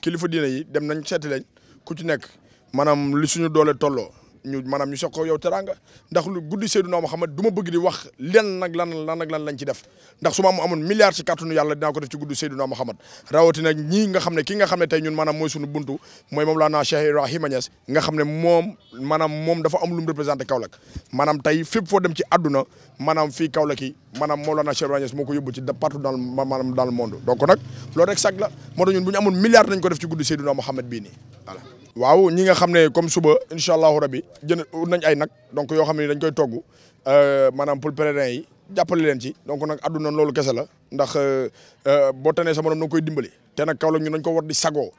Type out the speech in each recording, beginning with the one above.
kilifa diine yi dem nañ seeti lañ ku ci nekk maanaam li suñu doole tolloo ñu maanaam ñu soog ko yow teranga ndax guddi Seydina Muhammad du ma bëgg di wax lan lan nag lan lañ ci def ndax su ma amoon milliard ci kàttanu yàlla dinaa ko def ci guddi Seydina Muhammad rawatina ñii nga xam ne ki nga xam ne tey ñun maanaam mooy suñu buntu mooy Mawlana Cheikh Ibrahima Niass nga xam ne moom maanaam moom dafa am lu mu représenté Kaolack maanaam tey fépp foo dem ci àdduna maanaam fii Kaolack yi moo ko yóbbu ci partout dans maanaam dans le monde def ci guddi Seydina Muhammad waaw ñi nga xam ne comme suba inshallah rabbi rabi nañ ay nak donc yo xam dañ koy togg euh, manam pour pèlerin yi jappalé len ci donc nak aduna lolu kessa la ndax euh, euh, boo tanee sa morom na nga koy dimbali té nak kaw la ñu nañ ko war di sago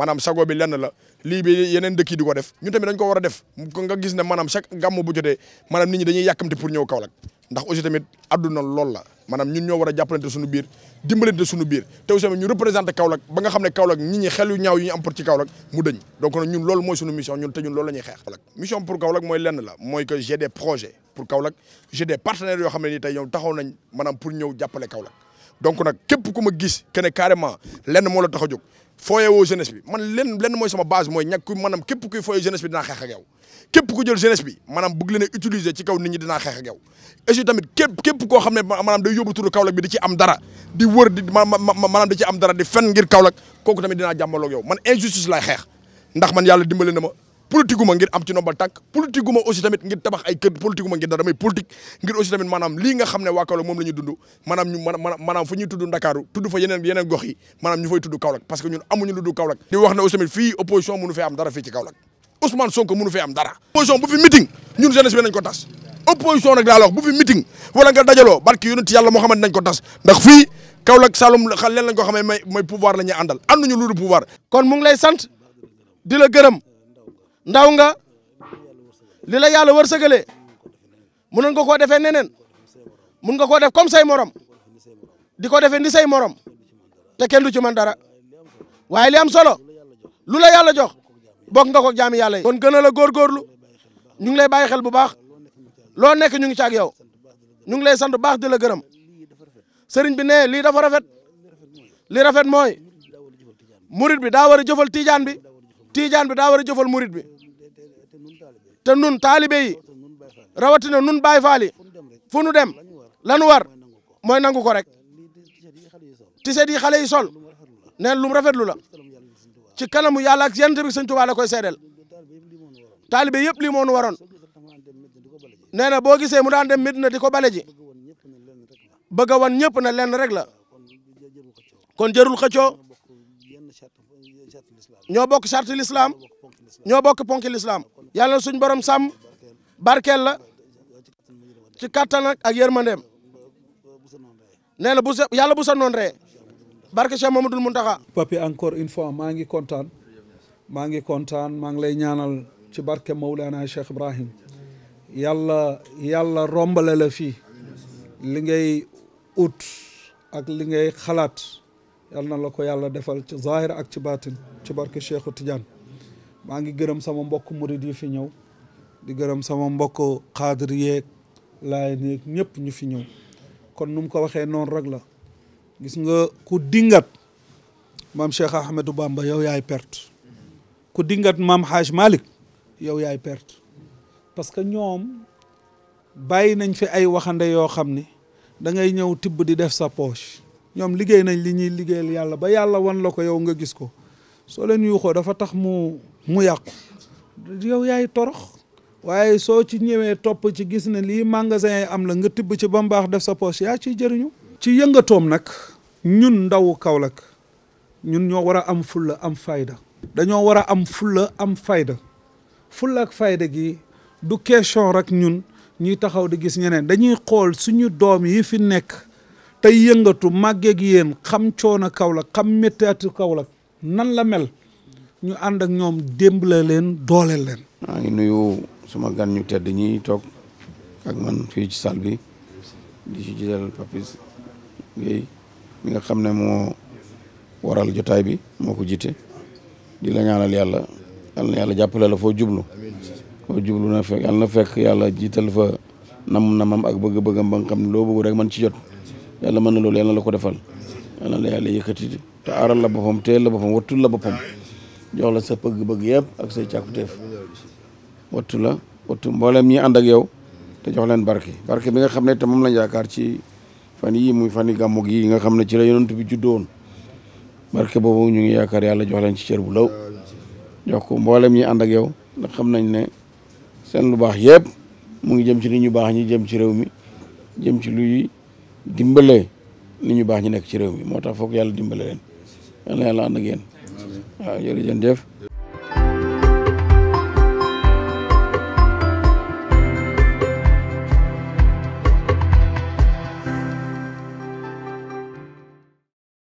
maanaam sago bi lenn la lii bi yeneen dëkk yi ko def ñun tamit dañ ko war a def nga gis ne maanaam chaque gàmm bu jotee maanaam nit ñi dañuy yàkkamte pour ñëw Kaolack ndax aussi tamit àdduna lool la maanaam ñun ñoo war a jàppalante suñu biir dimbalante suñu biir te aussi tamit ñu représenté Kaolack ba nga xam ne Kaolack nit ñi xelu ñaaw yi ñu am pour ci Kaolack mu dëñ donc nag ñun loolu mooy suñu mission ñun te ñun loolu la ñuy xeex Kaolack mission pour Kaolack mooy lenn la mooy que j'ai des projets pour yoo xam ne nii tey ñoom taxaw nañ maanaam pour ñëw jàppale Kaolack donc nag képp ku ma gis que ne lenn moo la tax fooye woo jeunesse bi man lenn lenn mooy sama base mooy ñàkk maanaam képp kuy fooye jeunesse bi dinaa xeex ak yow képp ku jël jeunesse bi maanaam bëgg leen utiliser ci kaw nit ñi dinaa xeex ak yow et tamit képp képp koo xam ne maanaam da yóbbu turu Kaolack bi di ci am dara di wër di maanaam di ci am dara di fen ngir Kaolack kooku tamit dinaa jàmbaloo ak yow man injustice laay xeex ndax man yàlla dimbale na ma politique gu ma ngir am ci nombal tànk politique gu ngir tabax ay kër ngir aussi tamit maanaam lii nga xam ne waa Kaolack moom la ñu dund maanaam ñu maanaam Ndakaaru tudd fa yeneen yeneen gox ñu fay tudd Kaolack parce que ñun amuñu lu dul di wax ne aussi tamit fii opposition mënu fee am dara fii ci Kaolack Ousmane Sonko mënu fee am dara opposition bu fi meeting ñun jeunesse bi nañ ko tas opposition nag laa bu fi meeting wala nga dajaloo barki ndaw nga li la yàlla war wërsëgalee mënoon nga koo defee neneen mun nga koo def comme say morom di ko defee ni say morom te kenn du ci mën dara waaye li am solo lu la yàlla jox bokk nga ko jaami yàlla yi. kon gën a la góorgóorlu ñu ngi lay bàyyi xel bu baax loo nekk ñu ngi ci ak yow ñu ngi lay sant baax di la gërëm sëriñ bi ne lii dafa rafet li rafet mooy murit bi daa war a jëfal tiijaan bi tiijaan bi daa war a jëfal murit bi. te nun talibe yi rawati na nun Baay fali yi fu nu dem lanu war moy nangu ko rek set yi xale yi sol ne lum rafet lula ci kalamu yàlla ak yent bi seigne touba la koy sedel talibe yëpp li moo nu waroon nee na boo gisee mu daan dem Medina diko ko bale ji bëgg a ñëpp na len rek la kon jërul xecio ño bok charte l'islam ño bok ponk l'islam yàlla suñ borom sàmm barkel la ci kattan ak ak yërmandeem nee na bu yàlla bu sa noon ree barke Cheikh Mamadou Mountakha. papi encore une fois maa ngi kontaan maa ngi kontaan maa ngi lay ñaanal ci barke Mawlana Cheikh Ibrahim yàlla yàlla rombale la fii ngay ut ak li ngay xalaat yal na la ko yàlla defal ci zahir ak ci baatin ci barke Cheikhu Tidiane maa ngi gërëm sama mbokk murid yi fi ñëw di gërëm sama mbokk xaadir yeeg laay yeeg ñëpp ñu fi ñëw kon nu mu ko waxee noonu rek la gis nga ku dingat mam maam Cheikh Ahmedou ba yow yaay perte ku dingat maam Haaj Malick yow yaay perte parce que ñoom bàyyi nañ fi ay waxande yoo xam ni da ngay ñëw tibb di def sa poche ñoom liggéey nañ li ñuy liggéeyal yàlla ba yàlla wan la ko yow nga gis ko soo yuuxoo dafa tax mu mu yàqu yow yaay torox waaye soo ci ñëwee topp ci gis na lii magasin yi am la nga tibb ci bambaax def sa poche yaa ciy jëriñu ci yëngatoom nag ñun ndaw Kaolack ñun ñoo war a am fulla am fayda dañoo war a am fulla am fayda fulla ak fayda gi du question rek ñun ñuy taxaw di gis ñeneen dañuy xool suñu doom yi fi nekk tey yëngatu màggeeg yéen xam coono Kaolack xam méttaatu Kaolack nan la mel ñu ànd ak ñoom démbale leen dooleel leen. maa ngi nuyu suma gan ñu tedd ñi toog ak man fii ci salle bi di ci jël Papis ngay mi nga xam ne moo waral jotaay bi moo ko jiite di la ñaanal yàlla yàlla na yàlla jàppale la foo jublu foo jublu na fekk yàlla na fekk yàlla jiital fa nam namam ak bëgg-bëggam ba nga xam ne loo bëgg rek man ci jot yàlla mën na loolu yàlla la ko defal yàlla la yàlla yëkkati te aaral la boppam teel la boppam wattul la boppam jox sa bëgg-bëgg yëpp ak say càkkutéef wattu la wattu mboolem ñi and ak yow te jox leen barki barki bi nga xamne te mom lañ yaakar ci fan yi muy fan yi gi nga xamne ci la yonent bi juddoon barki bobu ñu ngi yaakar yalla jox leen ci cër bu law jox ko mboolem ñi and ak yow nak xam nañ ne seen lu baax yëpp mu ngi jëm ci ni ñu baax ñi jëm ci jëm ci luy dimbale ni ñu baax ñi nek ci réew mi leen yalla yalla and ak yeen waaw ah, jërëjëf